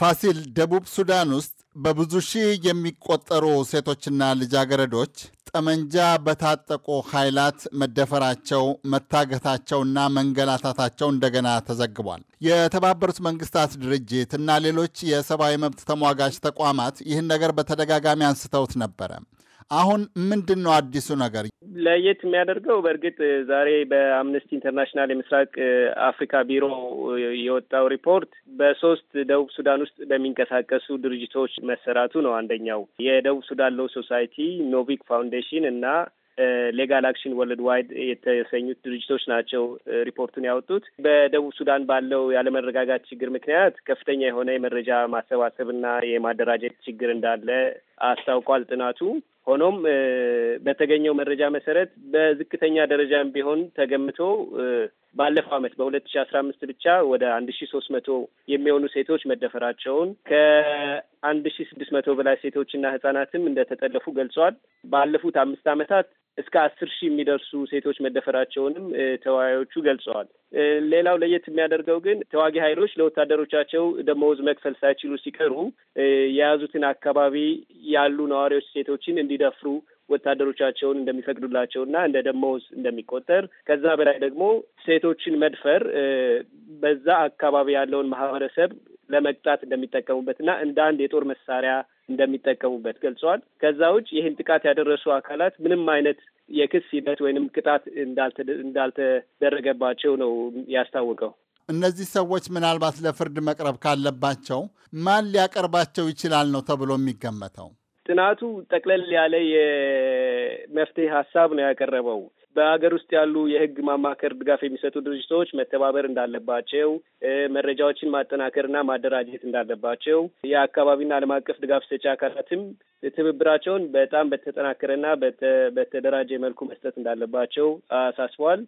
ፋሲል ደቡብ ሱዳን ውስጥ በብዙ ሺህ የሚቆጠሩ ሴቶችና ልጃገረዶች ጠመንጃ በታጠቁ ኃይላት መደፈራቸው፣ መታገታቸውና መንገላታታቸው እንደገና ተዘግቧል። የተባበሩት መንግስታት ድርጅት እና ሌሎች የሰብአዊ መብት ተሟጋች ተቋማት ይህን ነገር በተደጋጋሚ አንስተውት ነበረ። አሁን ምንድን ነው አዲሱ ነገር ለየት የሚያደርገው? በእርግጥ ዛሬ በአምነስቲ ኢንተርናሽናል የምስራቅ አፍሪካ ቢሮ የወጣው ሪፖርት በሶስት ደቡብ ሱዳን ውስጥ በሚንቀሳቀሱ ድርጅቶች መሰራቱ ነው። አንደኛው የደቡብ ሱዳን ሎው ሶሳይቲ፣ ኖቪክ ፋውንዴሽን እና ሌጋል አክሽን ወርልድ ዋይድ የተሰኙት ድርጅቶች ናቸው ሪፖርቱን ያወጡት። በደቡብ ሱዳን ባለው ያለመረጋጋት ችግር ምክንያት ከፍተኛ የሆነ የመረጃ ማሰባሰብ እና የማደራጀት ችግር እንዳለ አስታውቋል ጥናቱ። ሆኖም በተገኘው መረጃ መሰረት በዝቅተኛ ደረጃም ቢሆን ተገምቶ ባለፈው ዓመት በሁለት ሺ አስራ አምስት ብቻ ወደ አንድ ሺ ሶስት መቶ የሚሆኑ ሴቶች መደፈራቸውን ከአንድ ሺ ስድስት መቶ በላይ ሴቶችና ህጻናትም እንደተጠለፉ ገልጸዋል። ባለፉት አምስት ዓመታት እስከ አስር ሺህ የሚደርሱ ሴቶች መደፈራቸውንም ተወያዮቹ ገልጸዋል። ሌላው ለየት የሚያደርገው ግን ተዋጊ ኃይሎች ለወታደሮቻቸው ደመወዝ መክፈል ሳይችሉ ሲቀሩ የያዙትን አካባቢ ያሉ ነዋሪዎች ሴቶችን እንዲደፍሩ ወታደሮቻቸውን እንደሚፈቅዱላቸው እና እንደ ደመወዝ እንደሚቆጠር ከዛ በላይ ደግሞ ሴቶችን መድፈር በዛ አካባቢ ያለውን ማህበረሰብ ለመቅጣት እንደሚጠቀሙበት እና እንደ አንድ የጦር መሳሪያ እንደሚጠቀሙበት ገልጸዋል። ከዛ ውጭ ይህን ጥቃት ያደረሱ አካላት ምንም አይነት የክስ ሂደት ወይንም ቅጣት እንዳልተደረገባቸው ነው ያስታወቀው። እነዚህ ሰዎች ምናልባት ለፍርድ መቅረብ ካለባቸው ማን ሊያቀርባቸው ይችላል ነው ተብሎ የሚገመተው? ጥናቱ ጠቅለል ያለ የመፍትሄ ሀሳብ ነው ያቀረበው። በሀገር ውስጥ ያሉ የህግ ማማከር ድጋፍ የሚሰጡ ድርጅቶች መተባበር እንዳለባቸው፣ መረጃዎችን ማጠናከርና ማደራጀት እንዳለባቸው፣ የአካባቢና ዓለም አቀፍ ድጋፍ ሰጪ አካላትም ትብብራቸውን በጣም በተጠናከረና በተደራጀ መልኩ መስጠት እንዳለባቸው አሳስቧል።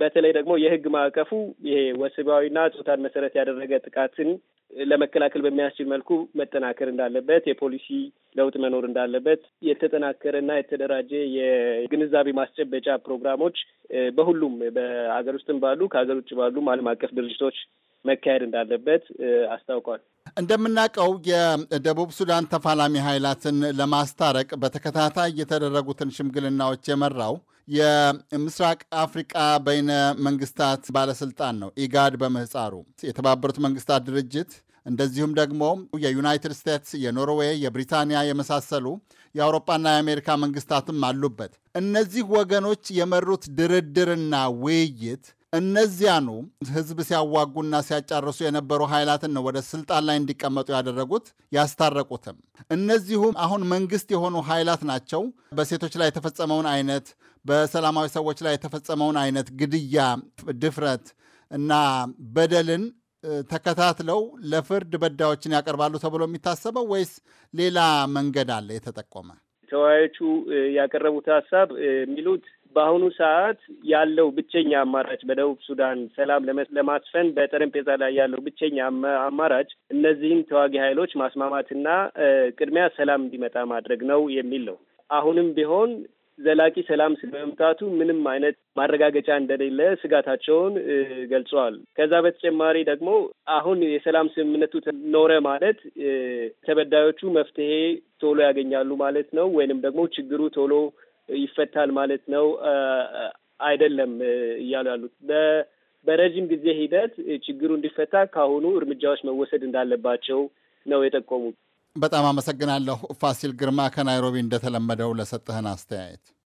በተለይ ደግሞ የህግ ማዕቀፉ ይሄ ወሲባዊና ጾታን መሰረት ያደረገ ጥቃትን ለመከላከል በሚያስችል መልኩ መጠናከር እንዳለበት፣ የፖሊሲ ለውጥ መኖር እንዳለበት፣ የተጠናከረና የተደራጀ የግንዛቤ ማስጨበጫ ፕሮግራሞች በሁሉም በሀገር ውስጥም ባሉ ከሀገር ውጭ ባሉም ዓለም አቀፍ ድርጅቶች መካሄድ እንዳለበት አስታውቋል። እንደምናውቀው የደቡብ ሱዳን ተፋላሚ ኃይላትን ለማስታረቅ በተከታታይ የተደረጉትን ሽምግልናዎች የመራው የምስራቅ አፍሪቃ በይነ መንግስታት ባለስልጣን ነው፣ ኢጋድ በምህፃሩ የተባበሩት መንግስታት ድርጅት እንደዚሁም ደግሞ የዩናይትድ ስቴትስ፣ የኖርዌይ፣ የብሪታንያ የመሳሰሉ የአውሮፓና የአሜሪካ መንግስታትም አሉበት። እነዚህ ወገኖች የመሩት ድርድርና ውይይት እነዚያኑ ህዝብ ሲያዋጉና ሲያጫርሱ የነበሩ ኃይላትን ነው ወደ ስልጣን ላይ እንዲቀመጡ ያደረጉት ያስታረቁትም። እነዚሁም አሁን መንግስት የሆኑ ኃይላት ናቸው በሴቶች ላይ የተፈጸመውን አይነት በሰላማዊ ሰዎች ላይ የተፈጸመውን አይነት ግድያ፣ ድፍረት እና በደልን ተከታትለው ለፍርድ በዳዮችን ያቀርባሉ ተብሎ የሚታሰበው ወይስ ሌላ መንገድ አለ የተጠቆመ? ተወያዮቹ ያቀረቡት ሀሳብ የሚሉት በአሁኑ ሰዓት ያለው ብቸኛ አማራጭ በደቡብ ሱዳን ሰላም ለማስፈን በጠረጴዛ ላይ ያለው ብቸኛ አማራጭ እነዚህን ተዋጊ ኃይሎች ማስማማትና ቅድሚያ ሰላም እንዲመጣ ማድረግ ነው የሚል ነው። አሁንም ቢሆን ዘላቂ ሰላም ስለመምጣቱ ምንም አይነት ማረጋገጫ እንደሌለ ስጋታቸውን ገልጸዋል። ከዛ በተጨማሪ ደግሞ አሁን የሰላም ስምምነቱ ኖረ ማለት ተበዳዮቹ መፍትሄ ቶሎ ያገኛሉ ማለት ነው ወይንም ደግሞ ችግሩ ቶሎ ይፈታል ማለት ነው አይደለም እያሉ ያሉት። በረዥም ጊዜ ሂደት ችግሩ እንዲፈታ ከአሁኑ እርምጃዎች መወሰድ እንዳለባቸው ነው የጠቆሙት። በጣም አመሰግናለሁ ፋሲል ግርማ ከናይሮቢ እንደተለመደው ለሰጠህን አስተያየት።